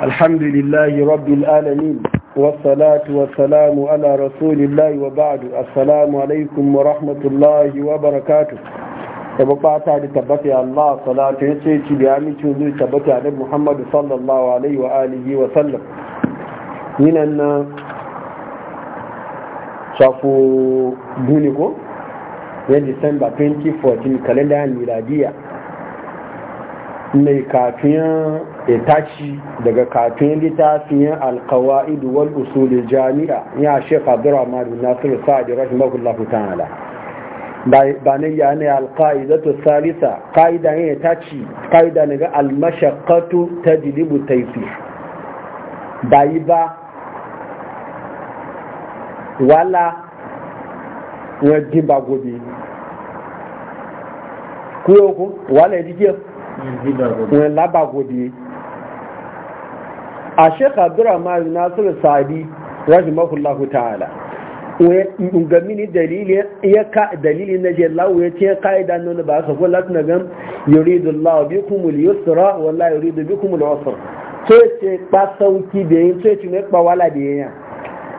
الحمد لله رب العالمين والصلاة والسلام على رسول الله وبعد السلام عليكم ورحمة الله وبركاته tabbata da tabbata ya Allah salatu ya ce ci da amincin zuwa tabbata da Muhammadu sallallahu alaihi wa wa sallam yinan na shafo guni ko ya December 2014 kalenda miladiya mai kafin ya tashi daga kafin littafin alkawa'id wal usulul jami'a ya shekha abdurrahman bin nasir sa'adi rahimahullahu ta'ala ba ne ya ne alka'idatu salisa ka'ida ya tashi ka'ida ne ga ta tajlibu taysir bayi ba wala wadda ba gobe kuwa yau ku wala ya labagodi a sheikh abdurrahman nasiru sadi rahimahullahu ta'ala ga mini dalilin na jelawo ya ce ka'ida nuna ba su kula na gan yuridu Allah bi kumul yusra wala yuridu bi kumul usra so ya ce ba sauki da yin so ya ce ba wala da yin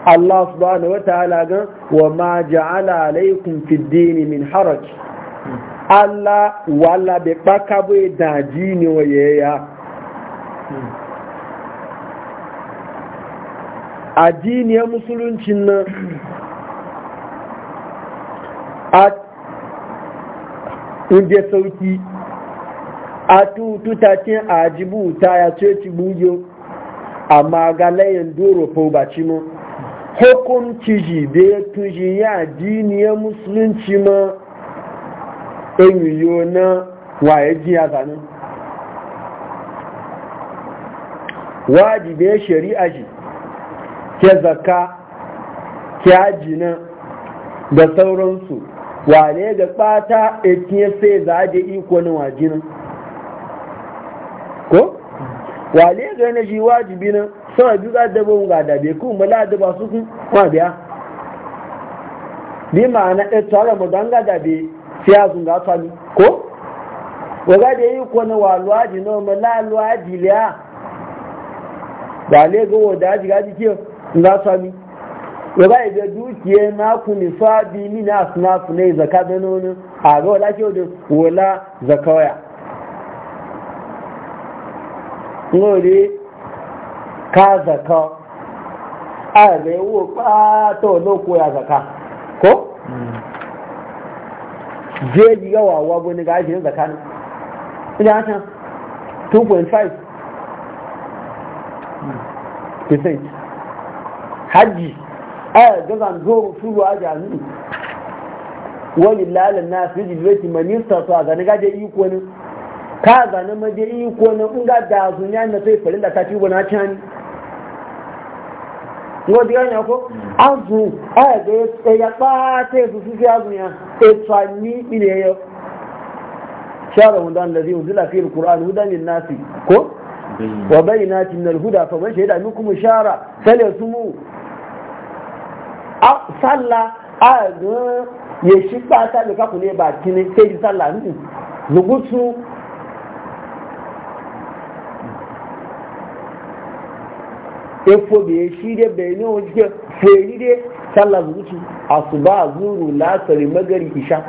Allah subhanahu wa ta'ala gan wa ma ja'ala alaikum fid dini min haraj Ala wala be kpakabo daji ni waye ya addiniyar e Musulunci na? a inda sauki a tututacin ajibuta ya ce ci buyo a ga layin doro faubaci mu hukunci ji da ya tuji ya e musulunci ma enyi yo na waye jiya zanen wajibin shari'a ji ke zaka ke ajina da sauransu wane ga ɓata etinye sai za a je iko na wajinan ko? wale ga na shi wajibi nan sama biyu za da bawon ga dabe kun mala da su kun ma biya bi ma'ana ɗaya tsara mu ga dabe sai ya zunga fani ko waga da yi kone wa luwaji na ma la luwaji liya ba le ga wada aji gaji ke nga fani waga ibe dukiye na ku ni fabi mini na asna su yi zaka da nono a ga wala ke wada wala zaka waya ngore ka zaka a rewo pa to lokwa zaka jeji yawa wa wani gashi ne zakanin ina haka 2.5 percent hajji aya eh, gazan zoro turu a jami'i wani lalin na su jilbeti manista su a zane gaje iko ne ka zane maje iko ne in ga da sun yana sai farin da ta ci wani cani wọ́n di ọ̀yàn kó azù ọ̀ẹ̀dẹ̀ ẹ̀yà pàtẹ́ ètò fífi azù yẹn ètò àní ilẹ̀ ẹ̀yọ ṣáàrọ̀ hùdá lẹ́dí òǹdílà fi ìrùkùrán hùdá lè náà sí kó wọ́n bẹ́yìn náà ti nà hùdá fọ̀mọ́ ṣe dàbí kúmù ṣáàrà tẹ́lẹ̀ súnmù sálà àgbọn yèṣípà sálà kákùnrin bàtí ní sai sálà nù lùgùtù efo bai shi dai bai ne wani ke feri dai sallah zuci asuba zuru lasari magari isha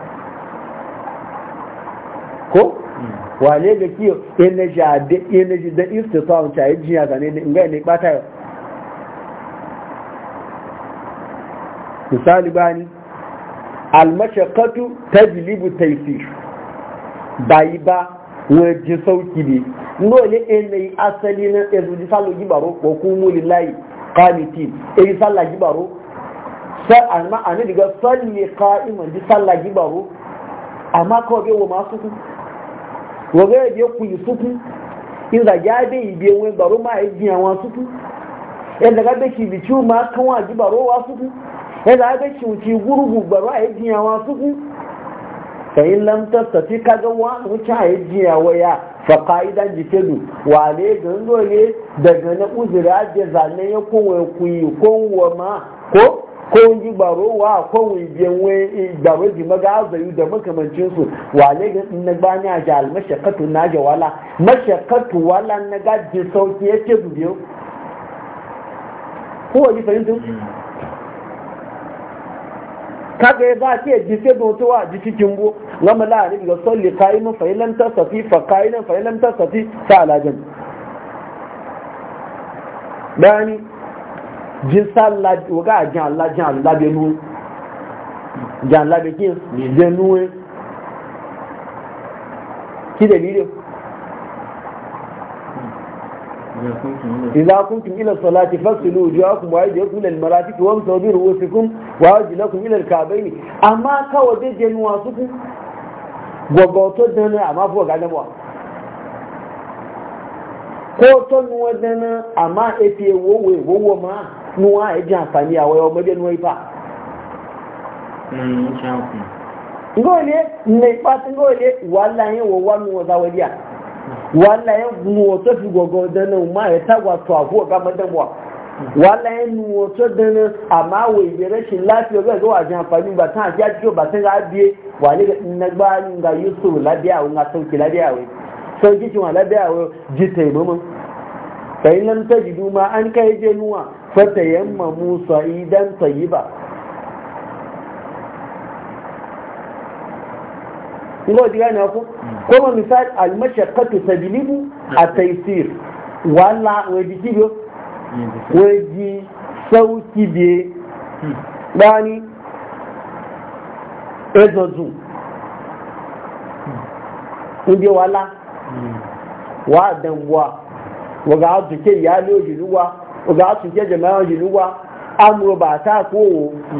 ko wale ga kiyo energy da istisa wuce a yi jiya zane da inga ne bata yau misali bani almashakatu tajlibu taifir bayi ba wọ́n jí sọ́ọ̀kì ni náà ní ẹnì asẹ́lẹ̀ ní ẹ̀sùn jí sálọ jíbàró wọ́n kú mú ní láì káàmìtì èyí sálà jíbàró ànídìgọ́ sọ́ọ̀lì ká ìmọ̀ jí sálà jíbàró àmá kọ́ bí wọ́n máa sókú wọ́n gẹ́gẹ́ bí kú yìí sókú ìrìnàjò adé ìbí wọn gbàró máa jí àwọn sókú ẹ̀dàgá bẹ́ kì ìbí tí ó máa kán wọn àjíbàró wá sókú ẹ̀dàgá bẹ́ kì fa'in lamtar tafi kaga wani wuce a yi jiya waya fa ka'idan jikelu wale gano ne daga na uzuri ajiye zane ya kowa kuyi kowa ma ko ko yi baro wa ko wibiyan wai baro di maga azayu da makamancin su wale ga na bani a jahal mashakatu na jawala mashakatu wala na ga gaji sauki ya ce biyu ko wani fahimtun mm. kaga ya ba ke ji sai don towa ji cikin go gama la ni ga salli qaiman fa illam tasfi fa qaiman fa illam tasfi fa ala jan dani jin sallah waga jan Allah jan Allah be nu jan Allah be kin ni je nu ki dalilin إذا قمتم إلى الصلاة فاغسلوا وجوهكم وأيديكم إلى المرافق وامسحوا برؤوسكم وأرجلكم إلى الكعبين أما كوجه جنواسكم gwagwato dana a mafi wagadamuwa ko to nuwa dana a ma efe wowe wowo ma nuwa ya ji amfani a wayo maje nuwa ifa ngole ne ipa ngole wala yin za wala ya nuwo to fi gogo dana ma ya tagwa to ago ga madabwa wala ya nuwo to dana amma wai bi rashin lafiya ga zuwa jin amfani ba ta ya ciwo ba ta ga biye ga na ba ni ga yusuf labiya wa ga sauki labiya wa sauki kin wa labiya wa ji taimama sai nan ta jidu ma an kai je nuwa musa idan sa'idan ba ngo diga ne ko kuma misal al mashaqqatu tajlibu at taysir wala waji kibo waji sauki de dani ezozu ndi wala wa danwa waga azuke yalo jiruwa waga azuke jama'a jiruwa amuru ba ta ko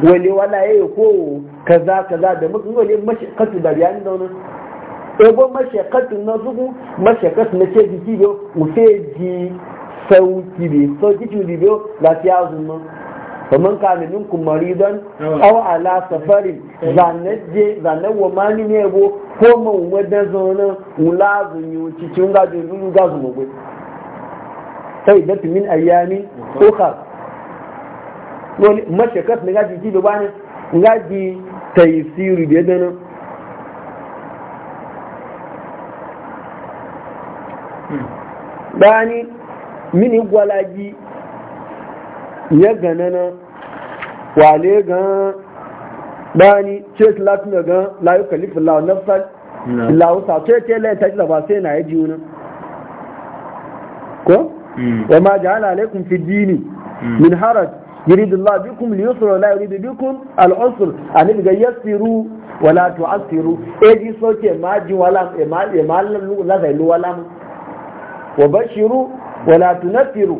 wale wala yayi ko kaza kaza da muka ngole mashakatu da bayani da wannan ego mashakatu na zugu mashakatu na ce jiki mu ce ji sauki bi sauki ci biyo azun zuma kamar ka min ku don aw ala safarin zanaje zanawa mani ne bo ko ma wadan zona ula zunyu cikin ga dun ga zuma gwe sai da min ayami ka wani mashakat na ga jiki da bani ga ji taisiru da yadda bani mini gwalagi ya gana na wale gan bani chase latin da gan layu kalifin lawan nafsal lawu sa to ce, lai tashi ba sai na yaji wani ko wa ma ja'ala alaikum fi dini min haraj يريد الله بكم اليسر ولا يريد بكم العسر أن يبقى يسروا ولا تعسروا أجي صوتي ما جي ولام إمال ما لا زي ولا وبشروا ولا تنفروا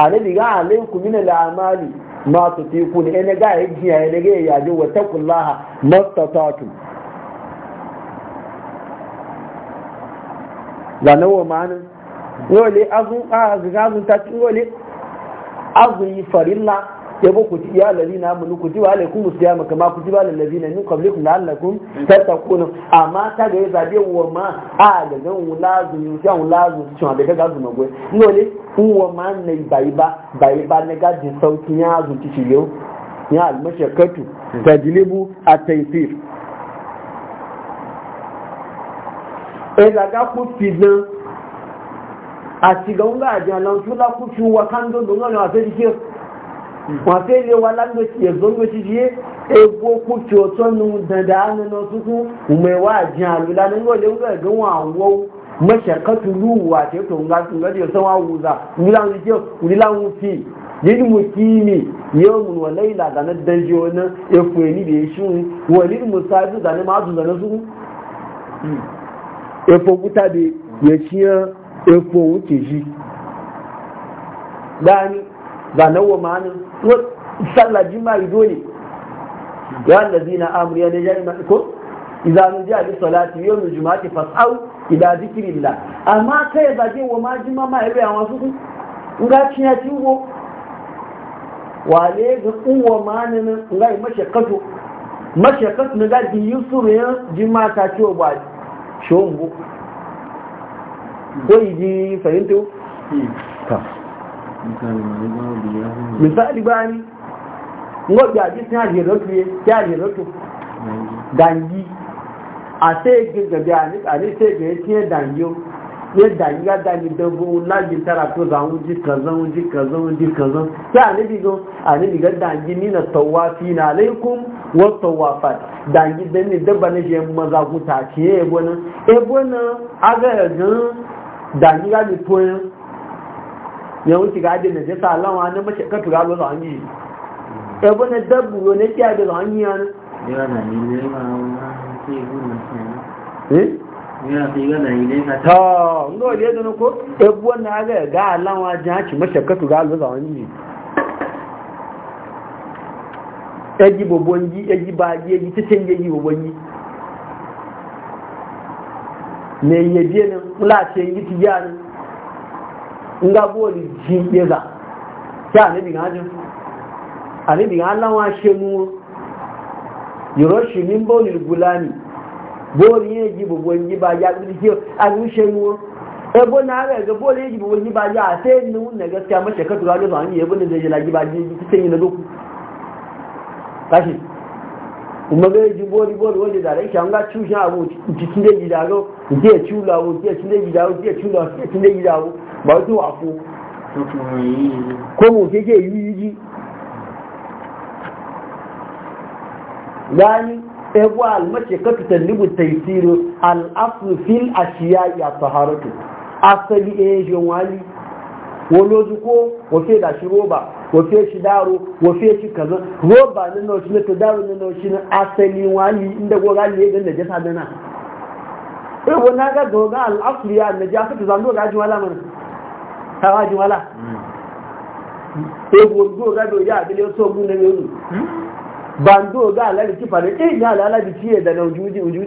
أن يبقى عليكم من الأعمال ما تطيقون أنا قاعد يجي أنا قاعد يجي واتقوا الله ما استطعتم لا نوع معنا يقول لي أظن أظن تاتي يقول azumi farilla ya ya kama kuti ba lalina min amma ta ga wa ma a ga ga ta da gwe wa ma ba ba sauki ya zu ti ci yo ya almashakatu tajlibu at-taysir e ga àti gbọ̀ngà àjẹ́ àlọ́ntúlá kú fi wà káńdó lòun náà wà fẹ́ di kí o wọ́n fẹ́ lé wa lágbèsì ẹ̀gbọ́ngbèsì yé egbò kú fi ọ̀tọ́ nu dandan nínú tuntun mẹ́wàá àjẹ́ àlùlá nígbà lẹ́wọ́n gẹ̀gẹ́ wọn àwọ̀ mẹ́sẹ̀kẹ́tù lúwù àti ètò ńgá tó ńgá tó yẹ sọ́wọ́n àwùzà níláwùn fi lil mukimi yawmun wa layla da na da shi na ya epo wuce shi gani na nawa ma'anin sallah jima'i dole ya allazi na amur ya ne jami'a ko idza nudiya bi salati yawm Ki fas'au ila dhikrillah amma kai ba je wa ma jima ma yabe awon su ku nga cinya tingo wale ga uwa ma'anin manin ngai mashakatu mashakatu na ga bi yusur ya jima ta ciwo ba shombo ko yi ji fahimta ta misali ba ni ngo ga ji ta je rotu ye ta je rotu dangi a sai ga ga ni a ni sai ga ke dangi ye dangi ga dangi da bu la ji tara to za mu ji kaza mu ji kaza mu ji kaza ta ni bi go a ni bi ga dangi ni na tawafi tawafina alaikum wa tawafat dangi da ni dabba ne je maza ku ta ce e bonan e bonan aga ga dani ga mi toyin ya wuce ga adin da ya sa lawa na mace ka tura lo zan yi e bo ne dabbu ne ki adin zan yi ya na ni ne ma ki bu na eh ta ngo da yadda ko ebu wannan aga ga alawa jaci mashakatu ga alwaza wani ne yaji bobonji yaji baji yaji ta canje yaji me yaje ne mulace yi ti ya ne nga boli ji yeza ta ne bi gajin ani bi Allah wa shemu yoroshi min boli gulani boli yeji bo bonji ba ya bi ki anu shemu e bo na ga ga boli yeji bo bonji ba ya sai nu ne gaskiya mace ka tura da zan yi e bo ne zai ji lagi ba ji ki sai ne doku kashi kuma zai ji bori bori wani da rai an ga cushin abu cikin da gida ga ke cula wo ke cikin da gida wo ke cula ke cikin da gida wo ba wato wa ko ko mu ke ke yi yi yani ebu eh, almace ka tutallibu taysiru al aslu fil ashiya ya taharatu asali eh jawali wọ́n lójú kó wọ́n fi dàṣí rọ́bà wọ́n fi ṣi dáró wọ́n fi ṣi kàzó rọ́bà nínú ọ̀ṣun ní tòdáró nínú ọ̀ṣun ní asẹ́ni wọn yìí ń dẹ́gbọ́ rà yìí ẹgbẹ́ nàìjẹ́ sáà dáná. ewu náà ká gbọ̀n ká àfúrí ànàjẹ́ ewu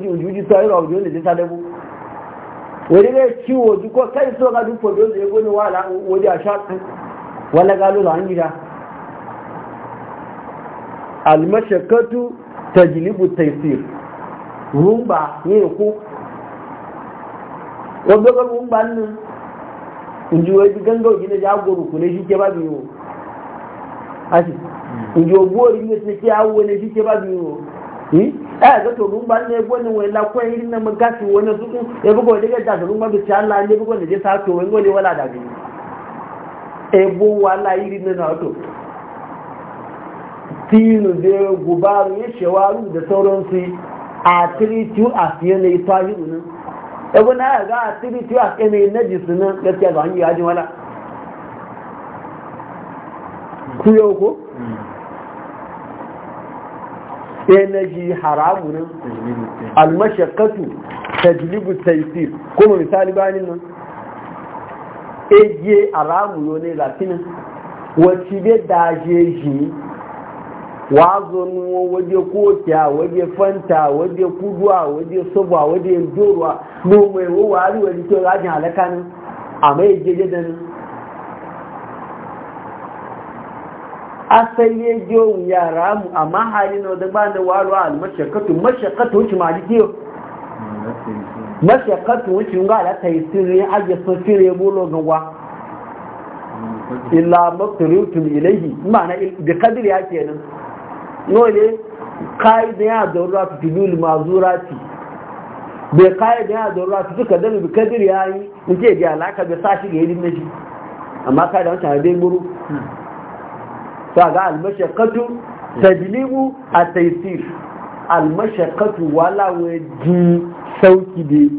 ọ̀gá náà ọ̀gá wani ne ciwo duk ko kai so ga duk fodo zai gone wala wani a sha wala galo da an gida almashakatu tajlibu taysir rumba ne ko wanda ga rumba nan inji wai gangau gina jagoro ku ne shi ke ba biyo ashi inji obuwa ne shi ke awo ne shi ke ba biyo hmm? eh ga to rumba ne gwani wai la ko irin na magasi wani su ya bugo daga da rumba bi ta Allah ne bugo ne je sa to wala da bi e wala irin na to tinu da gubaru ya shewaru da sauransu a tiritu a fiye na ita yi unin ebe na ga a tiritu a fiye na yi na jisu gaskiya ga hanyar yajin energy haramu nan almashakatu tajlibu taysir kuma misali bayanin nan eje haramu yo ne latina wacce bai daje shi wazon waje kotiya waje fanta waje kuduwa waje soba waje doruwa no mai wawari wani to rajin halaka nan a mai jeje da nan asali ya ji yara mu amma hali na da ba da waro al mashakatu mashakatu wuce ma ji mashakatu wuce ga ala ta yi sirri aje sun sirri bolo gawa illa maqtulutum ilayhi ma'ana bi qadri ya kenan nole qaida ya darura fi bidul mazurati bai qaida ya darura fi duka dan bi qadri ya yi ce ga alaka da sashi ga yidin nashi amma kai da wancan dai guru to ga almashaqatu tajlibu at-taysir almashaqatu wala waji sauki be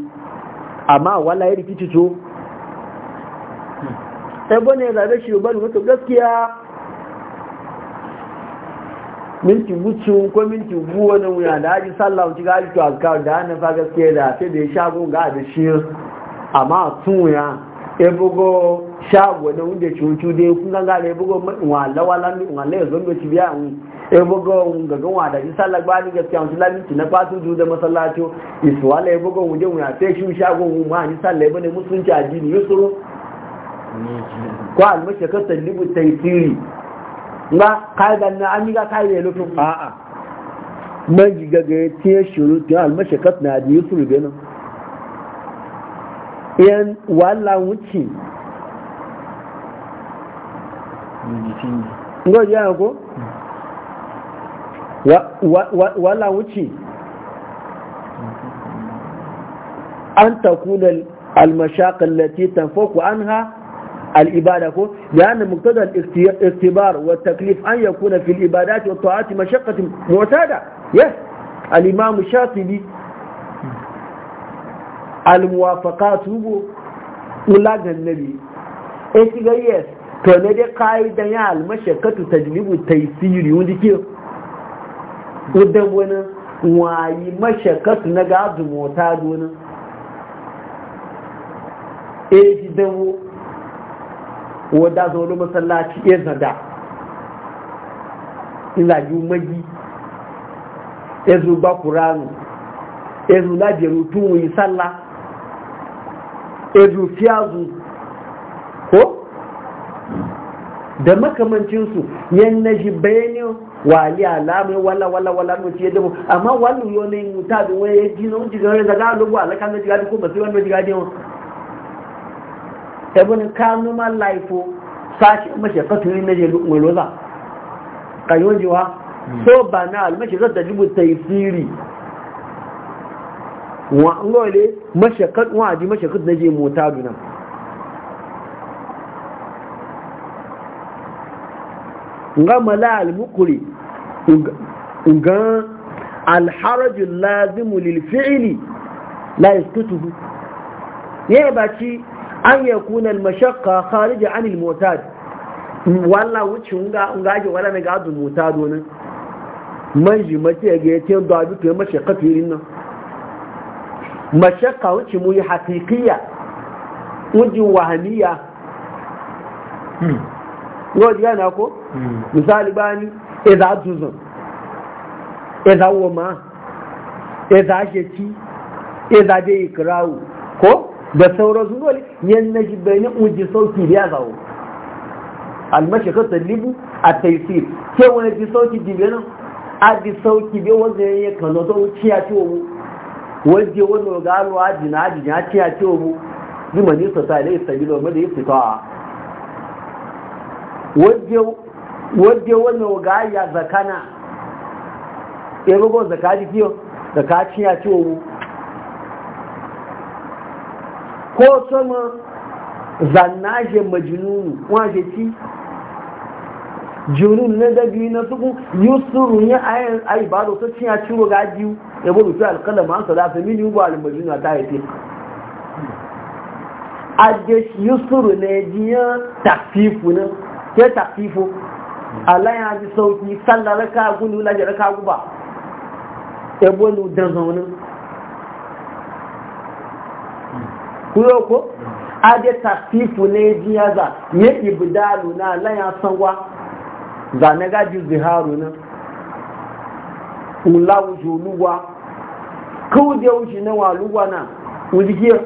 amma wala ya rikici to sai bane zabe shi bane wato gaskiya minti wucin ko minti buwa na wuya da haji sallah wuci ga to aka da na fa gaskiya da sai da ya shagun ga da shi amma tun wuya ebogo shago na wanda cutu dai kun ga gare bugo wa lawala mi wa le zo mi tibiya un e bugo un ga ga wa da isa lagba ni gaskiya un lami ti na fatu du da masallaci iswala e bugo un je un ate shago un ma ni salle bane musulunci addini yusuru ko almashi ka tallibu taysiri ba kai da na amiga kai ne lutu a a man ji gaga tiye shuru tiye almashi ka na addini yusuru bene yan wala wuce ngo ya ko wa wala wuce an takuna almashaqa allati tanfuku anha alibada ko ya muktada al-istibar wa taklif an yakuna fi alibadati wa ta'ati mashaqqatin mu'tada yes al Alimamu shafi'i al-muwafaqatu ila ulagan e ki ga yes to ne dai ka'idan ya almashe almashakatu tajlibu taysiri wanda ke udan wani wayi katu na gazu mota donin e ji dawo wadda zo wani masallaci ya e zada ina yi magi ya e zo ba kuranu ya e zo lajeru tun wuyi sallah ya zo fiyazu da makamancinsu yan na shi bayanin wali alamai wala wala wala no ciye dabo amma wani yo ne muta da ya ji nan ji gare daga lugu ala kan ji gadi ko ba sai wanda ji gadi on ebon kanu ma laifo sashi mashi ka turi ne je lugu loza kayo jiwa hmm. so bana almashi zata jibu tafsiri wa ngole mashi ka wa ji mashi ka je mota dunan nga mala al nga alharajin lazimu lilfi'ili lazim lil fi'li la yaskutuhu ya baki an yi al mashakka kharija an al wala wuce nga ji wala ne ga du mu'tad wani man ji mace ga ce da du ke mashaqqa tirin nan mashakka wuce mu yi haqiqiyya wujin wahaniya hmm. yau jiya na ko hmm. misali bani eza duzun eza woma eza sheki eza je ikirawu ko da sauran su dole na shi bayan uji sauki da ya zawo almashaka talibu a taisir ke wani a a wani wannan gaya zakana ya bugu zaka ji kiyo zaka ya ci mu ko sama zannaje majnunu waje ci junun na dabi na suku yusuru ya ayan ayi ba do sai ya ciro gaji ya bugu sai alqalam an salasa min yuba al majnuna ta yi ajesh yusuru ne jiya tafifu ke tafifo Allah ya ji sauki sallar raka gudu lajar raka guba ebo lu da zaunin kuyo ko a je tafifu ne jiya za ya ibidalu na Allah ya sanwa za na gaji ziharu nan ula wuce luwa kawo da wuce na waluwa na wujikiyar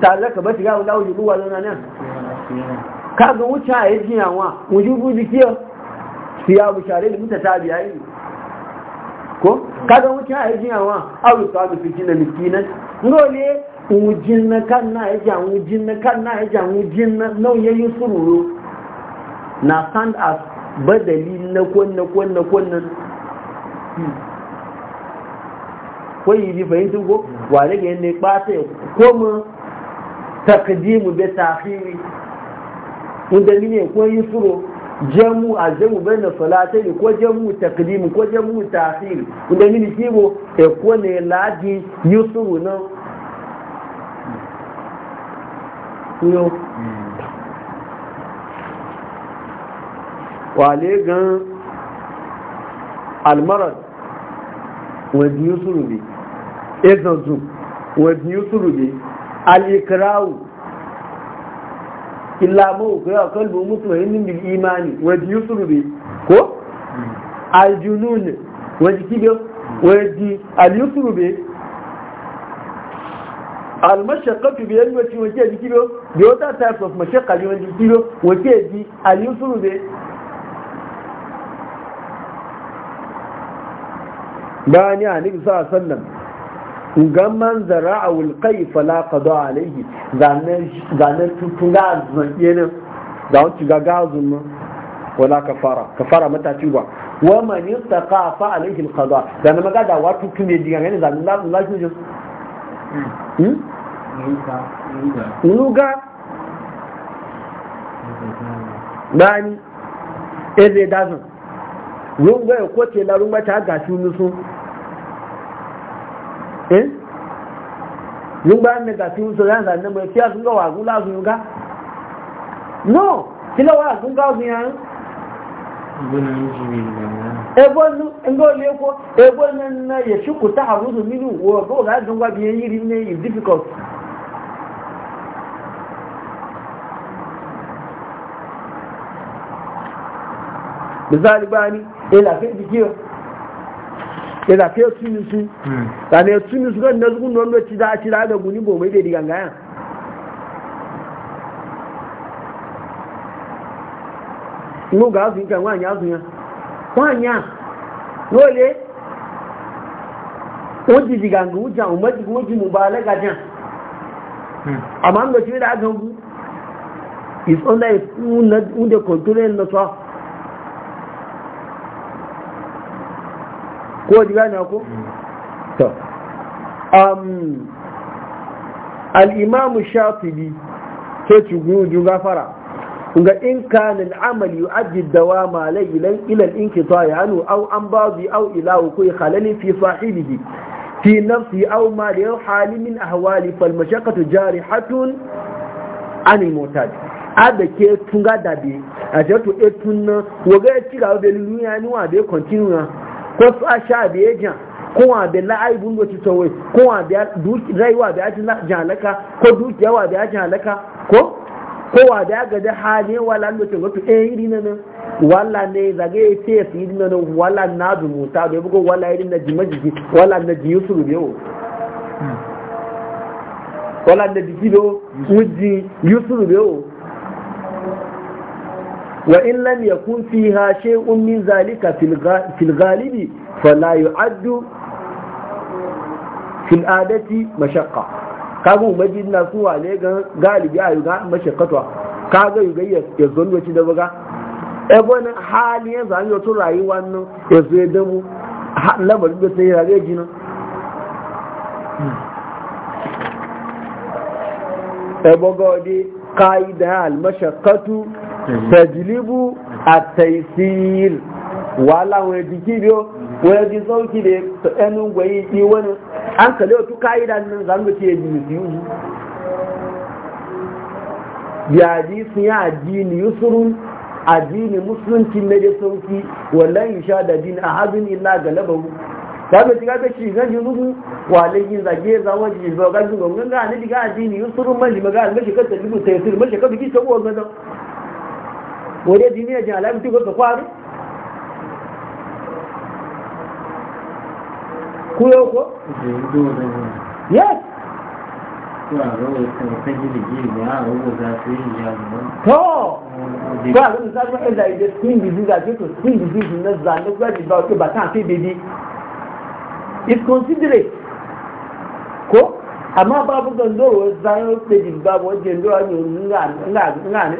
tare ka ba shiga ula wuce na na. kaga wuce a yi jiyawa wujubu ya bu share da mutata biya yi ko kaga wuce a yi jiyawa abu su abu su jina miskinan role wujin na kan na ya jan wujin na kan na ya jan wujin na nauyayi sururu na stand as badali na kwanna kwanna kwanna kwayi bi fahimtun ko wa rage ne ɓata ya koma takadimu bai tafiri inda mine ko yi suro jamu a jamu bai na salatai ko jamu takdim ko jamu tasir inda mine kibo e ko ne ladi yi suro na yo wale gan almarad wadi yi bi ne ezanzu wadi yi bi alikrawu. illa mu ko ya kalbu mutu hinnin bil imani wa yusru bi ko al junun wa jikido wa di al yusru bi al mashaqqatu bi al wati bi wata type of mashaqqa bi wa jikido wa di al yusru bi bani a nabi sallallahu alaihi ga man zara a wulkai falaka a laihi zanen tutun ga zanke nan da wancin ga gazun nan wala kafara kafara mataci ba wa man yattaqa fa alaihi alqada da na magada wa tutun ne diga ne zanen la la shi hmm luga bani eze dazin runga ya kwace la runga ta gashi nusu eh nígbà negative so yan zan number tí a tún ga wagun la sun no kila wagun ga sun yan ebonu ngo le ko ebonu na ye shuku taharudu ya zafi ya tuni su hmm. zane ne su kan na zugun da ci da guni bo mai da digan gayan inu ga su yi kan wani ya su ya wani ya lole wọ́n ti dìgàngù wújà òun mẹ́jì kí wọ́n ti mú ba alẹ́gàjá hmm. àmà ń lọ sí ilẹ̀ àgbẹ̀wò ìfọ́nlẹ̀ ìfún ní ọdẹ kọ̀ntúrẹ́ ko ji gane ku to um al-imam shafi'i ke cikin gafara ga in kana al'amal yu'addi dawama alayhi ila al-inqita'i yanu aw an ba'dhi au ila kai halalin fi sahibihi fi nafsi aw ma aw hali min ahwali fal mashaqqatu jarihatun an al-mu'tad ada ke tunga dabe a jato etun na ga ya cira da ni wa da continue ko a sha biye jan ko wa bi la aibun do ci tawai ko wa bi raiwa bi ajin jalaka ko dukiya wa bi ajin halaka ko ko wa da ga da hali wala lo tin goto eh iri nan wala ne zage ce su iri nan wala na du muta da bugo wala iri na jimajiji wala na jiyusuru biyo hmm. wala na dikido wuji yusuru biyo wa in lam yakun fiha shay'un min zalika fil ghalibi fala yu'addu fil adati mashaqqa kaga umajin na su wale ga galibi ayu ga mashaqqatwa kaga yugayya ya zonno ci da baga ebo nan hali ya zanyo to rayuwa nan ya zo da mu labar da sai rage jina ebo godi qaida al mashaqqatu tajlibu at-taysir wala we dikido we di sauki da enu gwayi ti wani an kale to kaida nan zan ti yi ni yu ya ji sun ya addini yusrun addini musulunci ne da sauki wallahi sha da din ahadin illa galabahu sabe diga be shi yi rubu wale yin zage za waje ba ga junubu ga ne diga adini yusrun man diga ga shi ka tajibu taysir shi ka biki sabo ga wòye di ní ẹ̀jẹ̀ àlẹ́mú tí kò tó kwari kúrò kó. yes. tọ́ bá a lóun sáré ẹ̀dà ìdè skin disease àti ètò skin disease ní ẹ̀zá ní gbẹ́dìgbà òkè bàtà àti bèbí is considerate. amma babu gando zayon ɗin babu wajen da wani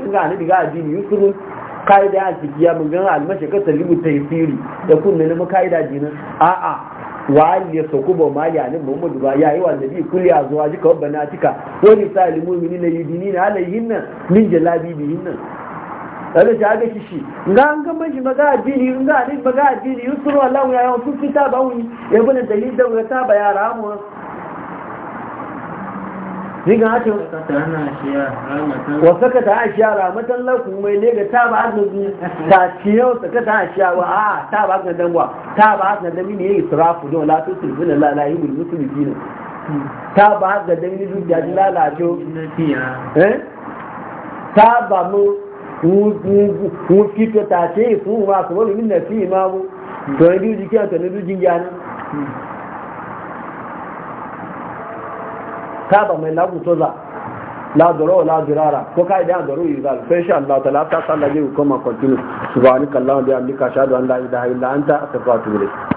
ngani daga addini yusufu ka'ida a ciki ya mun gana almashi ka talibu firi da kunne na maka'ida jinin a'a wa ya sauku ba ma ya ne muhammadu ba ya yi wa nabi kulli a zuwa jika wabba na cika wani sa alimomini na yudini na halayin nan min jalabi biyin nan tare da ga shi nga an ga maji maga addini nga ne maga addini yusuf Allah ya yawan sun fita ba wuni ya bane dalil da ta ba ya mu Rigan hati wa saka ta ashiya ramatan lakun mai ne ga ta ba azuzi ta ciyau saka ta ashiya wa a ta ba azuzi dan wa ta ba azuzi dan ne ya yi sirafu don la tu sulbi na musu lahi bil musulmi ta ba azuzi dan ne duk ya ji lalajo eh? ta ba mu mu fito ta ce fun wa su wani min na fi imamu to ne duk jikin ta na duk jingana kaba mai laguto za ladoro ladurara ko kai da doro yuzal sai sha Allah ta lafta sallah zai kuma continue subhanakallahumma bihamdika ashhadu an la ilaha illa anta astaghfiruka